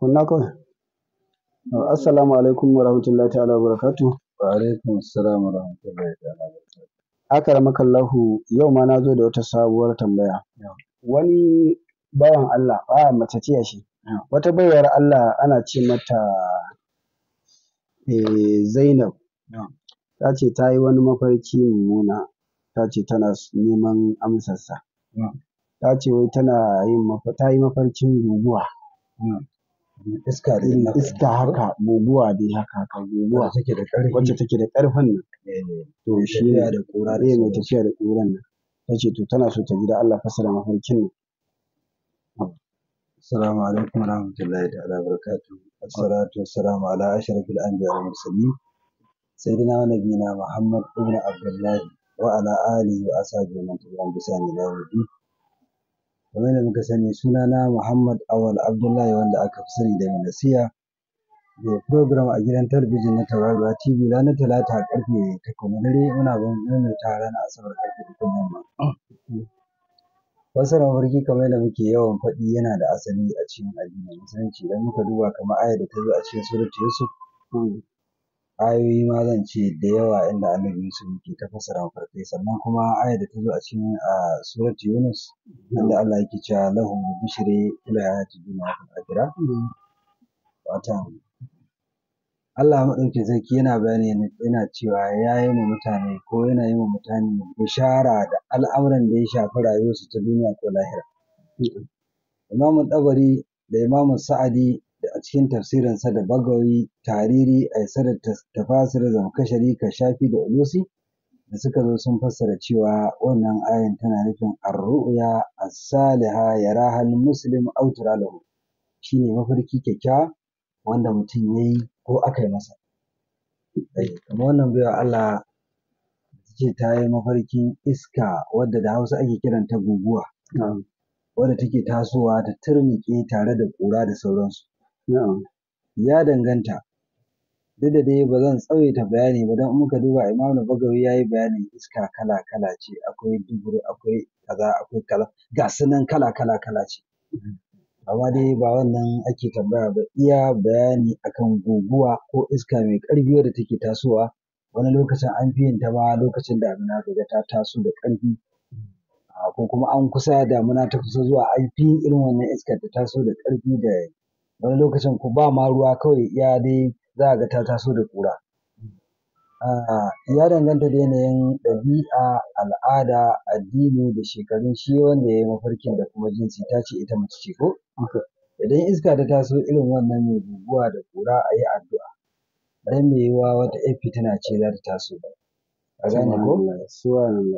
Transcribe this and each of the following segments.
kunna kawai assalamu alaikum wa rahmatullahi ta'ala wa barakatu wa alaikum assalamu wa rahmatullahi ta'ala wa barakatu akara yau ma na zo da wata sabuwar tambaya wani bayan Allah Ba mace ce shi wata bayar Allah ana ce mata eh, Zainab ta ce ta yi wani mafarki mummuna ta ce tana neman amsarsa ta ce wai tana yin ta yi mafarkin guguwa iska irin iska haka guguwa dai haka haka guguwa wacce take da ƙarfin nan eh, to shi ne da ƙura mai tafiya da ƙuran nan ta ce to tana so ta gida Allah fasara mafarkin nan Assalamu alaikum warahmatullahi ta'ala barakatuh assalatu wassalamu ala ashrafil anbiya wal mursalin sayyidina wa nabiyina Muhammad ibn Abdullah wa ala alihi wa ashabihi man tabi'ahum bi ihsan ila yawm kamar yadda muka sani suna na Muhammad Awal Abdullahi wanda aka fi sani da nasiha mai program a gidan talabijin na Tauraruwa TV ranar Talata a karfe takwas dare muna maimaita ranar Asabar karfe takwas yamma. fassara mafarki kamar yadda muke yawan faɗi yana da asali a cikin addinin Musulunci idan muka duba kamar ayar da ta zo a cikin suratul Yusuf ayoyi ma zan ce da yawa inda annabi Yusuf yake ta mafarkai sannan kuma ayar da ta zo a cikin a surat Yunus inda Allah yake cewa lahu bishri ila hayati dunya wa akhirah watan Allah maɗaukin sarki yana bayani yana cewa ya yi wa mutane ko yana yi wa mutane bishara da al'amuran da ya shafi rayuwarsu ta duniya ko lahira. Imamun ɗabari da imamun sa'adi a cikin tafsirin sa da bagawi tariri aisa da tafasir zamkashari shafi da ulusi da suka zo sun fassara cewa wannan ayan tana nufin arru'ya as-saliha yaraha al muslim aw lahu shine mafarki kyakkyawa wanda mutum yayi ko aka yi masa eh, kuma wannan baiwa Allah ce ta yi mafarkin iska wadda da Hausa ake kiranta guguwa wadda take tasowa ta turnike tare da kura da sauransu ya danganta. Duk da dai ba zan tsawaita bayani ba don in muka duba Imam Bagawi ya yi bayanin iska kala kala ce, akwai dubur, akwai kaza, akwai kaza, ga nan kala kala kala ce. Amma dai ba wannan ake tambaya ba iya bayani akan guguwa ko iska mai ƙarfi wadda take tasowa wani lokacin an fi yin ta ma lokacin damina kaga ta taso da ƙarfi ko kuma an kusa damina ta kusa zuwa an fi irin wannan iskar ta taso da ƙarfi da wani lokacin ku ba ma ruwa kawai iya dai za a ga ta taso da ƙura. Ah, ya danganta da yanayin ɗabi'a, al'ada, addini da shekarun shi wanda ya yi mafarkin da kuma jinsi ta ce ita mace ce ko? Idan iska ta taso irin wannan mai guguwa da ƙura a yi addu'a. don mai yiwuwa wata ‘yar fitina ce za ta taso. A gane ko?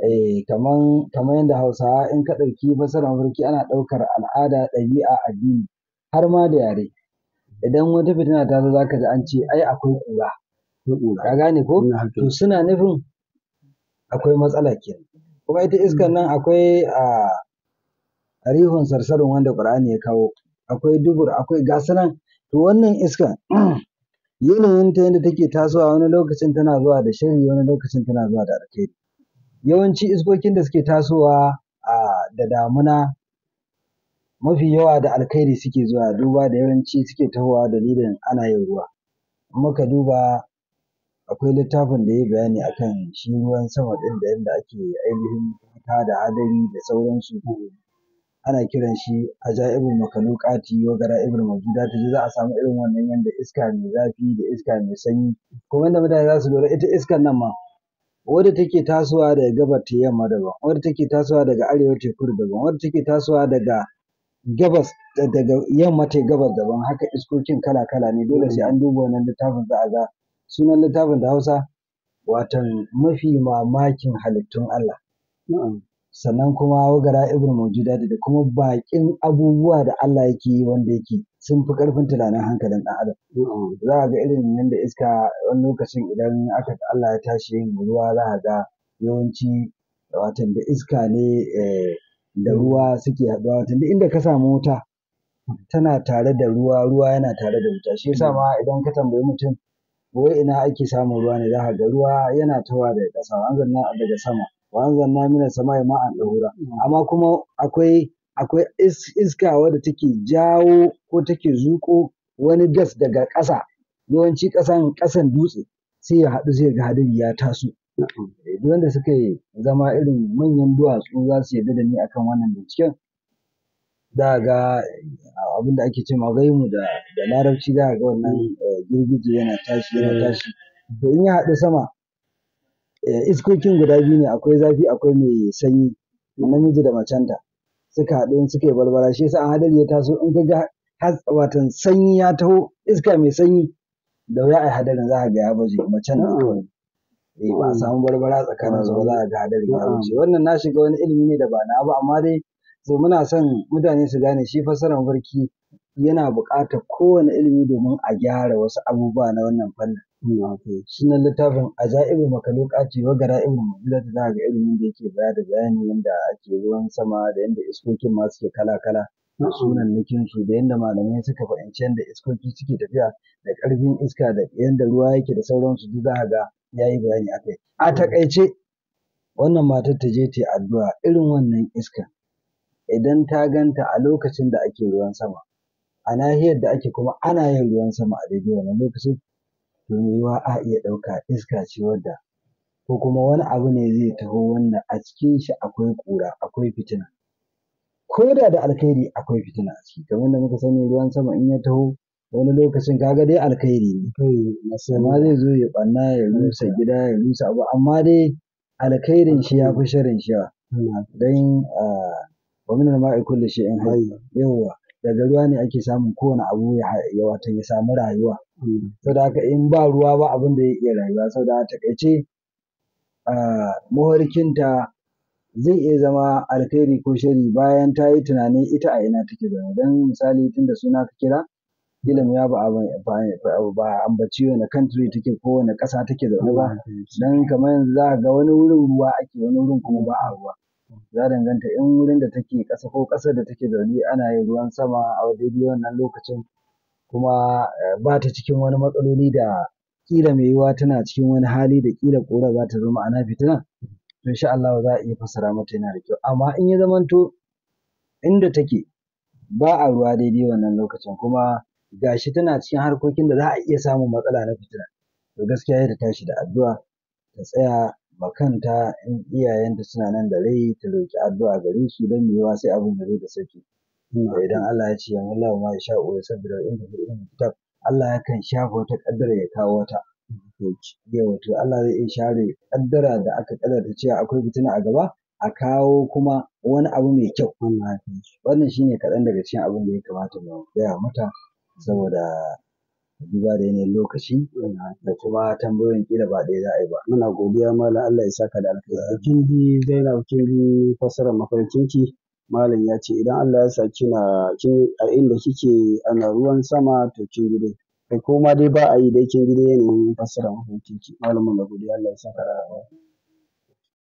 Eh, kaman yadda Hausawa in ka ɗauki fasarar mafarki ana ɗaukar al'ada, ɗabi'a, addini. har ma da yare idan wata fitina ta zo ka ji an ce ai akwai ƙura ka gane ko to suna nufin akwai matsala ke kuma ita iskar nan akwai a rihun sarsarin wanda ƙur'ani ya kawo akwai dubur akwai gasanan to wannan iska yanayin ta yadda take tasowa wani lokacin tana zuwa da shiri wani lokacin tana zuwa da alkhairi yawanci iskokin da suke tasowa da damuna mafi yawa da alkhairi suke zuwa duba da yawanci suke tahowa dalilin ana yin ruwa muka duba akwai littafin da ya bayani akan shi ruwan sama ɗin da yadda ake ainihin fita da hadari da sauransu ana kiran shi ajaibul makalukati wa gara'ibul mawjuda ta za a samu irin wannan yanda iska mai zafi da iska mai sanyi kuma wanda mutane za su lura ita iskar nan ma wadda take tasowa daga gabas ta yamma daban wadda take tasowa daga arewa teku daban wadda take tasowa daga gabas daga yamma ta gabas daban haka iskokin kala-kala ne dole sai an duba wannan littafin za a ga sunan littafin da hausa watan mafi mamakin halittun Allah sannan kuma wagara ibn mawjuda da kuma bakin abubuwa da Allah yake yi wanda yake sun fi karfin tunanin hankalin ɗan adam za a ga irin nan da iska wani lokacin idan aka Allah ya tashi yin ruwa za a ga yawanci watan da iska ne eh, da ruwa suke haɗuwa wata duk inda ka samu wuta tana tare da ruwa ruwa yana tare da wuta shi yasa ma idan ka tambayi mutum wai ina ake samun ruwa ne zaka ga ruwa yana tawa daga ƙasa wa daga sama wa mina sama ma an ɗaura amma kuma akwai akwai iska wadda take jawo ko take zuƙo wani gas daga ƙasa yawanci ƙasan ƙasan dutse sai ya haɗu sai ga hadari ya taso Eh, duk wanda suka yi zama irin manyan duwatsu za su yarda da ni akan wannan binciken za ga eh, abin da ake ce gaimu da da larabci za ga wannan eh, girgije yana tashi yana tashi to in ya haɗu sama iskokin guda biyu ne akwai zafi akwai mai sanyi namiji da macenta suka haɗu in suka yi balbala shi yasa an hadari ya taso in ka ga watan sanyi ya taho iska mai sanyi da wuya a hadarin za ka ga ya baje macen kawai Eh, ba a samu barbara tsakanin su ba za a ga hadari ya wuce wannan na shiga wani ilimi ne da ba na ba amma dai so muna son mutane su gane shi fassarar barki yana buƙatar kowane ilimi domin a gyara wasu abubuwa na wannan fannin. Sunan littafin ibu Makaluka ce wa gara ibu Mabila ta za ilimin da yake baya da bayani yadda ake ruwan sama da yadda iskokin ma suke kala-kala da sunan nukin da yadda malamai suka fahimci yadda iskoki suke tafiya da ƙarfin iska da yadda ruwa yake da sauransu duk za ga ya yi bayani a kai a takaice wannan matar ta je ta yi addu'a irin wannan iska idan ta ganta a lokacin da ake ruwan sama a nahiyar da ake kuma ana yin ruwan sama a daidai wannan lokacin to yiwuwa a iya ɗauka iska ce wadda ko kuma wani abu ne zai taho wanda a cikin shi akwai ƙura akwai fitina ko da da alkhairi akwai fitina a ciki kamar da muka sani ruwan sama in ya taho wani lokacin kaga dai alkhairi ne amma eh, zai zo ya banna ya rusa gida ya rusa abu amma dai alkhairin shi ya fi sharin shi don wa min al-ma'i kullu in hayy yawa daga ruwa ne ake samun kowane abu ya wata ya samu rayuwa hmm. saboda haka in ba ruwa ba abin da ya iya rayuwa saboda a takaice muharkinta zai iya zama alkhairi ko shari bayan ta yi tunanin ita a ina take zaune don misali tunda suna ka kira ilimi ba a ambaci wani country take ko wani ƙasa take da ruwa. Dan kamar yanzu za ga wani wurin ruwa ake wani wurin kuma ba a ruwa ya danganta in wurin da take ƙasa ko ƙasar da take zaune ana yin ruwan sama a daidai wannan lokacin kuma eh, ba ta cikin wani matsaloli da ƙila mai yiwuwa tana cikin wani hali da kila kora za ta zama ana fitina to insha Allah za a iya fassara mata yana da kyau amma in ya zamanto inda take ba a ruwa daidai wannan lokacin kuma gashi tana cikin harkokin da za a iya samun matsala na fitina to gaskiya ta tashi da addu'a ta tsaya ma kanta in iyayenta suna nan da rai ta roki addu'a gare su don yiwuwa sai abin da zai da sauki idan Allah ya ce ya mullahu ma ya sha'u ya sabira in da irin kitab Allah yakan shafa wata kaddara ya kawo wata ya wato Allah zai iya share kaddara da aka kaddarta cewa akwai fitina a gaba a kawo kuma wani abu mai kyau wannan shine kaɗan daga cikin abin da ya kamata mu gaya mata saboda duba da yanayin lokaci da kuma tambayoyin kila ba ɗaya za a yi ba. Muna godiya malam Allah ya saka da alkhairi. Kin bi Zainab kin bi fasarar mafarkinki malam ya ce idan Allah ya sa kina kin a inda kike ana ruwan sama to kin dai. Kai ko ma dai ba a yi dai kin gide yanayin mafarkin mafarkinki. Malam muna godiya Allah ya saka da alkhairi.